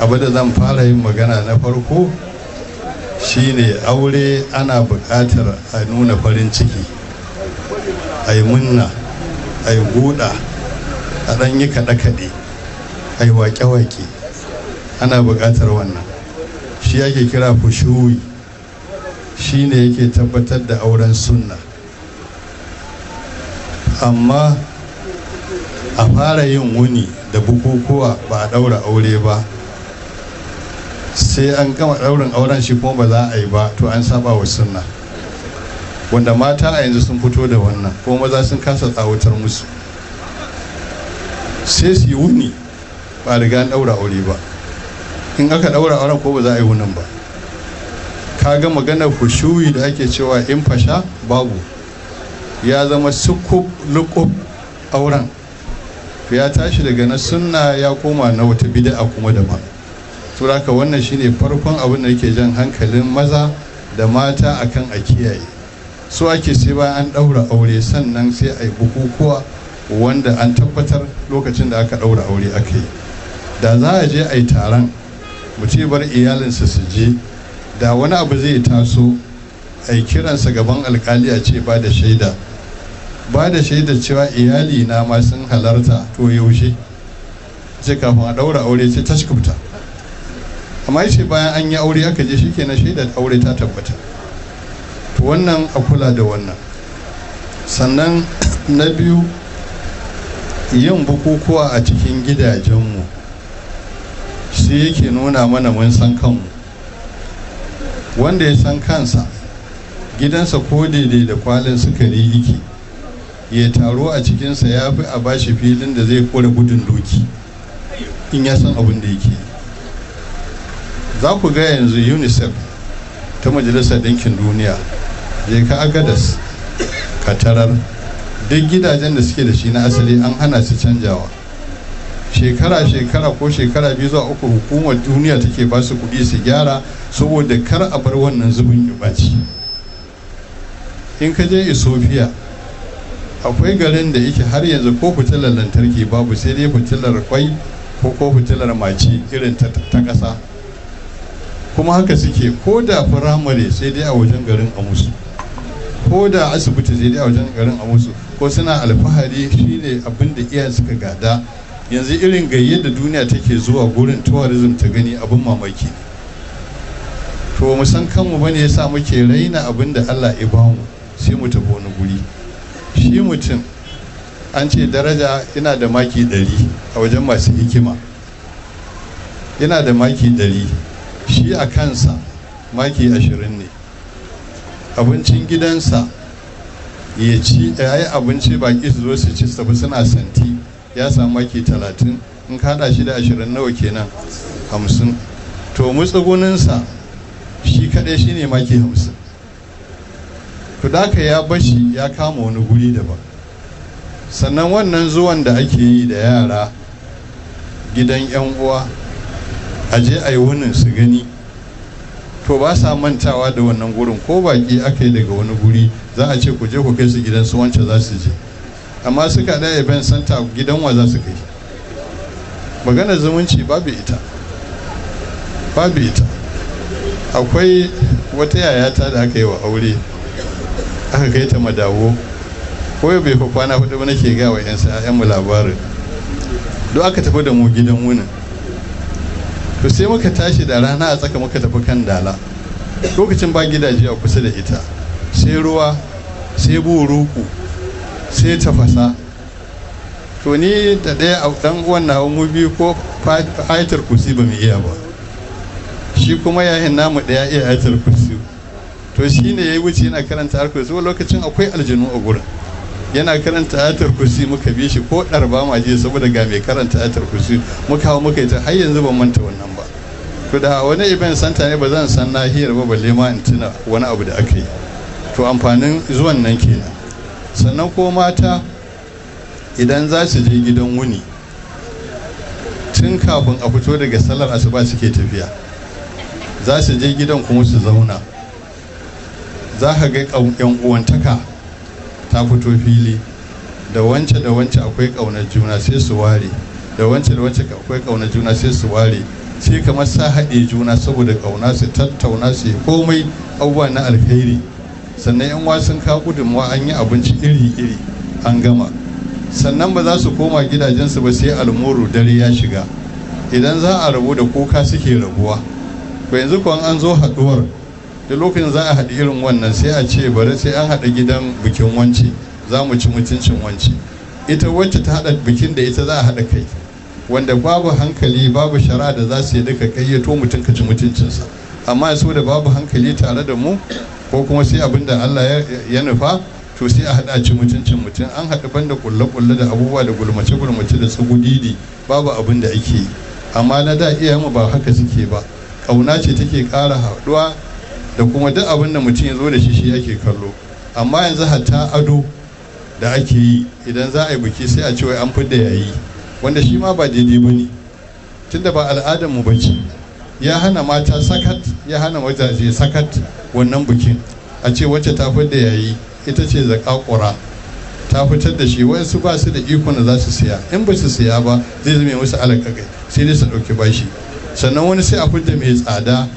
abu da zan fara yin magana na farko shine aure ana buƙatar a nuna farin ciki a yi munna a yi guda a ɗan yi kaɗe-kaɗe a yi waƙe-waƙe ana buƙatar wannan shi ake kira fushuwi shi ne yake tabbatar da auren sunna amma a fara yin wuni da bukukuwa ba a ɗaura aure ba sai an gama daurin auren shi kuma ba za a yi ba to an saba wa sunna wanda mata a yanzu sun fito da wannan kuma maza sun kasa tsawatar musu sai su yi wuni ba riga an daura aure ba in aka daura auren ko ba za a yi wunin ba ka ga maganar hushuyi da ake cewa in fasha babu ya zama sukub lukub auren ya tashi daga na sunna ya koma na wata bid'a kuma daban turaka wannan shine farkon abin da yake jan hankalin maza da mata akan a kiyaye Su ake sai ba an ɗaura aure sannan sai a yi bukukuwa wanda an tabbatar lokacin da aka ɗaura aure aka yi da za a je a yi taron mu bar iyalinsa su je da wani abu zai taso a yi kiransa gaban alkali a ce ba da shaida ba da shaida cewa iyali na ma sun halarta to yaushe sai kafin a ɗaura aure sai tashkubta amma yace bayan an yi aure aka je shikenan shaidar aure ta tabbata to wannan a kula da wannan sannan na biyu yin bukukuwa a cikin gidajenmu sai yake nuna mana mun san kanmu wanda ya san kansa gidansa ko daidai da kwalin sukari yake ya taro a cikinsa ya fi a bashi filin da zai kore gudun doki in ya san abin da yake yi za ku ga yanzu unicef ta majalisar Dinkin duniya je ka agadas katarar duk gidajen da suke da shi na asali an hana su canjawa shekara-shekara ko shekara biyu zuwa uku hukumar duniya take ba su kuɗi su gyara saboda kar a bar wannan zubin yubaci in ka je ethiopia akwai garin da yake har yanzu ko fitilar lantarki babu sai dai fitilar kwai ko ko fitilar mace irin ta ƙasa kuma haka suke ko da firamare sai dai a wajen garin a ko da asibiti sai dai a wajen garin a ko suna alfahari shine abin da iya suka gada yanzu irin gayyar da duniya take zuwa gurin tourism ta gani abin mamaki to mu san kanmu bane yasa muke raina abin da Allah ya bamu sai mu tafi wani guri shi mutum an ce daraja yana da maki ɗari a wajen masu hikima yana da maki ɗari shi a kansa maki ashirin ne abincin gidansa ya ci ya yi abinci baki su zo su ci su suna santi ya samu maki talatin in kada shi da ashirin nawa kenan hamsin to mutsuguninsa shi kaɗai shi ne maki hamsin to daka ya bashi ya kama wani guri daban sannan wannan zuwan da ake yi da yara gidan 'yan uwa a je a yi wannan su gani to ba sa mantawa da wannan gurin ko baki aka yi daga wani guri za a ce ku je ku kai su gidan su wance za su je amma suka da event center gidan wa za su kai maganar zumunci babu ita babu ita akwai wata yayata da aka yi wa aure aka kai ta madawo ko bai fa kwana hudu ba nake ga wa 'yan mu labarin duk aka tafi da mu gidan wunin to sai muka tashi da rana a tsaka muka tafi kan dala lokacin ba gidaje a kusa da ita sai ruwa sai buruku sai tafasa to ni da ɗaya a ɗan uwan na mu biyu ko ayatul kusi ba mu iya ba shi kuma yayin namu ɗaya iya ayatul kusi. to shine yayi wuce yana karanta harkar zuwa lokacin akwai aljanu a gurin yana karanta ayatul kursi muka bi shi ko ɗar ba ma je saboda ga mai karanta ayatul kursi muka hau muka yi ta har yanzu ban manta wannan ba to da wani ibn santa ne ba zan san nahiyar ba balle ma in tuna wani abu da aka yi to amfanin zuwan nan kenan sannan ko mata idan za su je gidan wuni tun kafin a fito daga sallar asuba suke tafiya za su je gidan kuma su zauna za ka ga yan uwantaka ta fito fili da wance da wance akwai ƙaunar juna sai su ware da wance da wance akwai ƙaunar juna sai su ware sai kamar sa haɗe juna saboda ƙauna su tattauna su yi komai abubuwa na alheri sannan yan wasan sun kawo gudunmawa an yi abinci iri-iri an gama sannan ba za su koma gidajensu ba sai almoro dare ya shiga idan za a rabu da kuka suke rabuwa to yanzu kuwa an zo haɗuwar da lokacin za a haɗu irin wannan sai a ce bari sai an haɗa gidan bikin wance za mu ci mutuncin wance ita wacce ta haɗa bikin da ita za a haɗa kai wanda babu hankali babu shara da za su yi duka to mutum ka ci mutuncinsa amma so da babu hankali tare da mu ko kuma sai abin da Allah ya nufa to sai a haɗa ci mutuncin mutum an haɗa banda kulle-kulle da abubuwa da gulmace-gulmace da tsugudidi babu abin da ake yi amma na da iyayenmu ba haka suke ba ƙauna ce take ƙara haɗuwa da kuma duk abin da mutum ya zo da shi shi ake kallo amma yanzu hatta ado da ake yi idan za a yi biki sai a ce wai an fidda yayi wanda shi ma ba daidai ba ne tunda ba al'adar mu bace ya hana mata sakat ya hana wajaje sakat wannan bikin a ce wacce ta fidda yayi ita ce kura ta fitar da shi wasu ba su da iko na za su siya in ba su siya ba zai zama musu alaƙaƙai sai dai su ɗauki bashi sannan wani sai a fidda mai tsada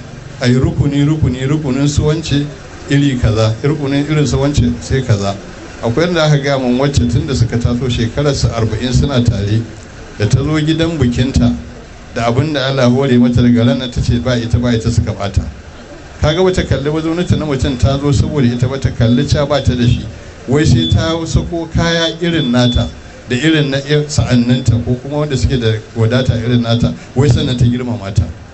a yi rukuni rukuni rukunin su wance iri kaza rukunin irin su wance sai kaza akwai yadda aka gaya min wacce tun da suka taso shekarar su arba'in suna tare da ta zo gidan bikinta da abin da Allah hore mata daga ranar ta ce ba ita ba ita suka bata kaga bata kalli ba zaunata na mutum ta zo saboda ita bata kalli ca ba ta da shi wai sai ta sako kaya irin nata da irin na sa'anninta ko kuma wanda suke da wadata irin nata wai sannan ta girma mata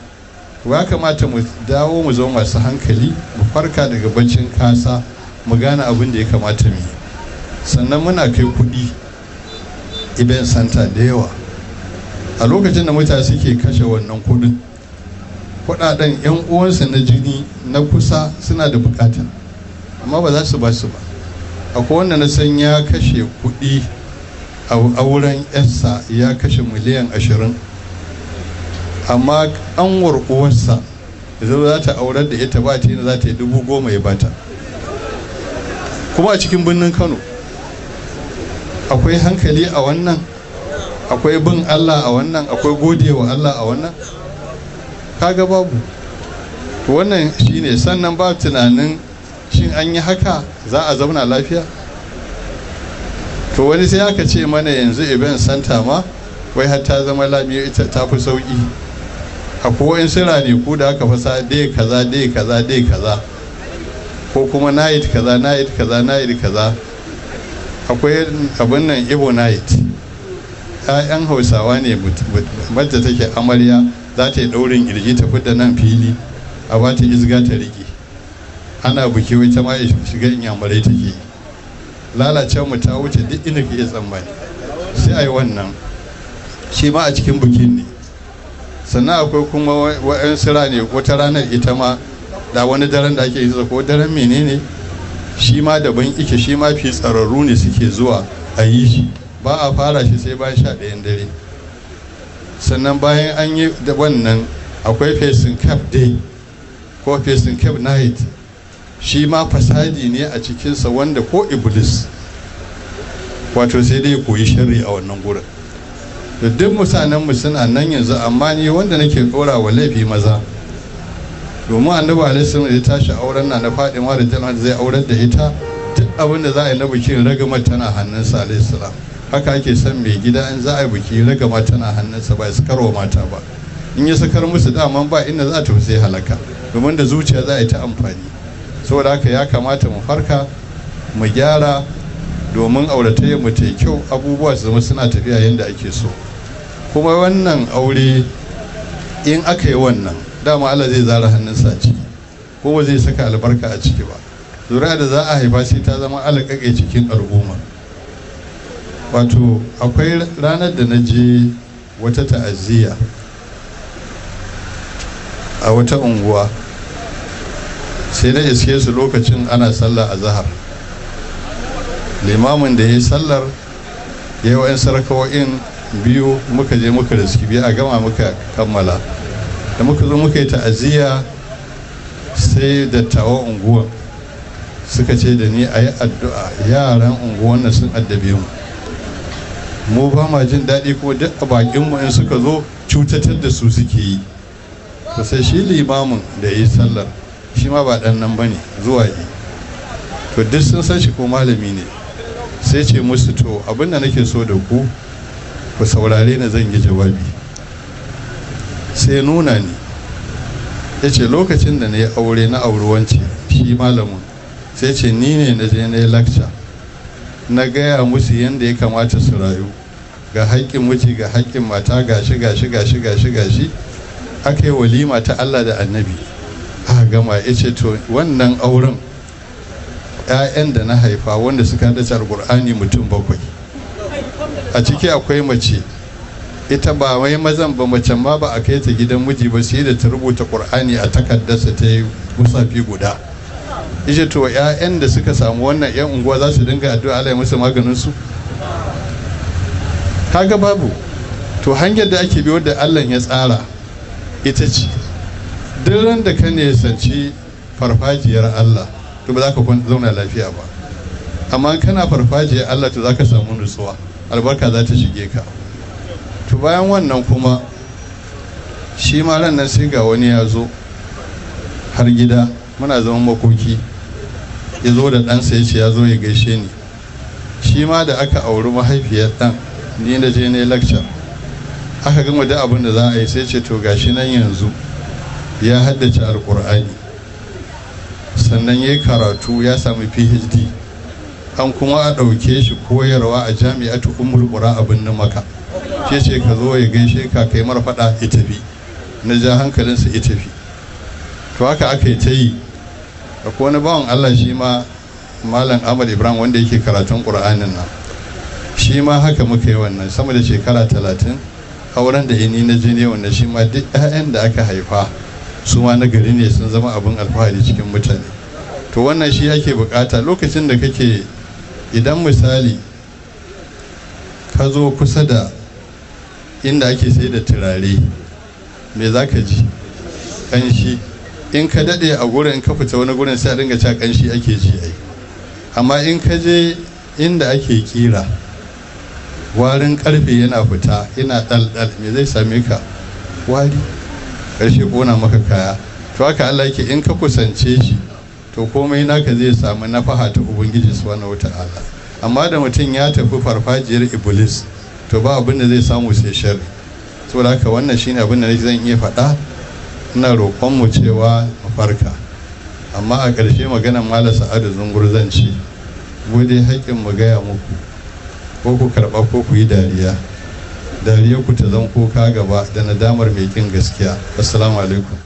ya kamata mu dawo mu zama masu hankali mu farka daga bancin kasa mu gane abin da ya kamata mu yi. sannan muna kai kuɗi event santa da yawa a lokacin da mutane suke kashe wannan kuɗin kuɗaɗen 'yan uwansu na jini na kusa suna da bukata amma ba za su ba su ba akwai wanda na san ya kashe kuɗi a wurin yarsa ya kashe miliyan ashirin amma an warkuwarsa da za ta aurar da ita ba ta za ta yi dubu goma ya bata kuma a cikin birnin kano akwai hankali a wannan akwai bin allah a wannan akwai gode wa allah a wannan kaga babu wannan shine sannan ba tunanin shin an yi haka za a zauna lafiya to wani sai aka ce mana yanzu event santa ma wai har ta zama lamiyo ita ta fi sauki akwai ne ku da aka fasa dai kaza dai kaza dai kaza ko kuma night kaza night kaza night kaza akwai abin nan ibo night ƴaƴan hausawa ne wadda take amarya za ta yi ɗaurin ƙirji ta da nan fili a ba ta izga ta riƙe ana buki wata ma ya shiga inyamurai take yi lalacen mu ta wuce duk inda ke tsammani sai a yi wannan shi ma a cikin bukin ne sannan akwai kuma sira ne wata ranar ita ma da wani daren da ake yi ko daren menene shi ma daban ike shi ma fi tsararru ne suke zuwa a yi shi ba a fara shi sai bayan sha ɗayan dare sannan bayan an yi da wannan akwai facing cap day ko facing cap night shi ma fasadi ne a cikinsa wanda ko iblis wato sai dai koyi shari a wannan gurin da duk mu suna nan yanzu amma ni wanda nake kora wa laifi maza domin annabi sun ya tashi auren na na ma da tana zai aurar da ita duk abin da za a yi na bikin ragamar tana hannunsa alayhi salam haka ake son mai gida in za a yi biki ragama tana hannunsa ba ya sakarwa mata ba in ya sakar musu daman ba inda za ta sai halaka domin da zuciya za a yi ta amfani saboda haka ya kamata mu farka mu gyara domin auratayyar mu ta kyau abubuwa su zama suna tafiya yadda ake so kuma wannan aure in aka yi wannan dama Allah zai zara hannunsa a ciki ko ba zai saka albarka a ciki ba zuriya da za a haifa sai ta zama alaƙaƙe cikin al'umma wato akwai ranar da na je wata ta'aziyya a wata unguwa sai na iske su lokacin ana sallah a zahar limamin da ya yi sallar ya yi biyu muka je muka riski biyu a gama muka kammala da muka zo muka yi ta'aziyya sai dattawan unguwa suka ce da ni a yi addu'a yaran unguwan na sun addabe mu mu ba ma jin daɗi ko duk a bakin mu in suka zo cutatar da su suke yi to sai shi limamin da ya yi sallar shi ma ba ɗan nan ba ne zuwa yi to duk sun san shi ko malami ne sai ce musu to abin da nake so da ku ku saurare na zan yi jawabi sai nuna ni ya ce lokacin da na yi aure na auruwanci shi malamin sai ce ni ne na je na yi lakca na gaya musu yadda ya kamata su rayu ga haƙƙin miji ga haƙƙin mata gashi gashi gashi gashi gashi aka yi walima ta Allah da annabi a gama ya ce to wannan auren 'ya'yan da na haifa wanda suka haɗa alƙur'ani mutum bakwai a ciki akwai mace ita ba wai mazan ba mace ma ba a kai ta gidan miji ba sai da ta rubuta qur'ani a takardarsa ta yi musafi guda ishe to ƴaƴan da suka samu wannan ƴan unguwa za su dinga addu'a Allah ya musu maganin su kaga babu to hanyar da ake bi wanda Allah ya tsara ita ce duk ran da ka sanci farfajiyar Allah to ba za ka zauna lafiya ba amma kana farfajiyar Allah to za ka samu nutsuwa albarka za ta shige ka to bayan wannan kuma shi ran nan sai ga wani ya zo har gida muna zaman makoki ya zo da ɗansa ya ce ya zo ya gaishe ni shi ma da aka auri mahaifiyar ɗan ni da je ne lecture aka gama da abin da za a yi sai ce to gashi nan yanzu ya haddace alkur'ani sannan ya karatu ya sami phd an kuma a ɗauke shi koyarwa a jami'atu ummul qura abin nan maka ke ce ka zo ya gaishe ka kai mara faɗa ita tafi na ja hankalinsa ita to haka aka yi ta yi akwai wani bawan Allah shi ma malam Ahmad Ibrahim wanda yake karatun Qur'anin nan shi ma haka muka yi wannan sama da shekara talatin auren da ini na jini wannan shi ma duk 'ya'yan da aka haifa su ma na gari ne sun zama abin alfahari cikin mutane to wannan shi ake bukata lokacin da kake idan misali ka zo kusa da inda ake sai da turare me za ka ji ƙanshi in ka daɗe a gurin ka fita wani gurin sai a dinga ca ƙanshi ake ji ai amma in ka je inda ake kira warin ƙarfe yana fita yana ɗalɗal me zai same ka wari ƙarshe ƙona maka kaya to haka Allah yake in ka kusance shi to komai naka zai samu nafaha ta ubangiji subhanahu ta'ala. amma da mutum ya tafi farfajiyar iblis to ba abin da zai samu sai shari saboda haka wannan shine abin da zan iya faɗa ina roƙon mu cewa farka amma a ƙarshe maganar mala sa'adu zungur zan ce gode haƙƙin mu gaya muku ko ku karɓa ko ku yi dariya dariya ku ta zan kuka gaba da nadamar mai kin gaskiya assalamu alaikum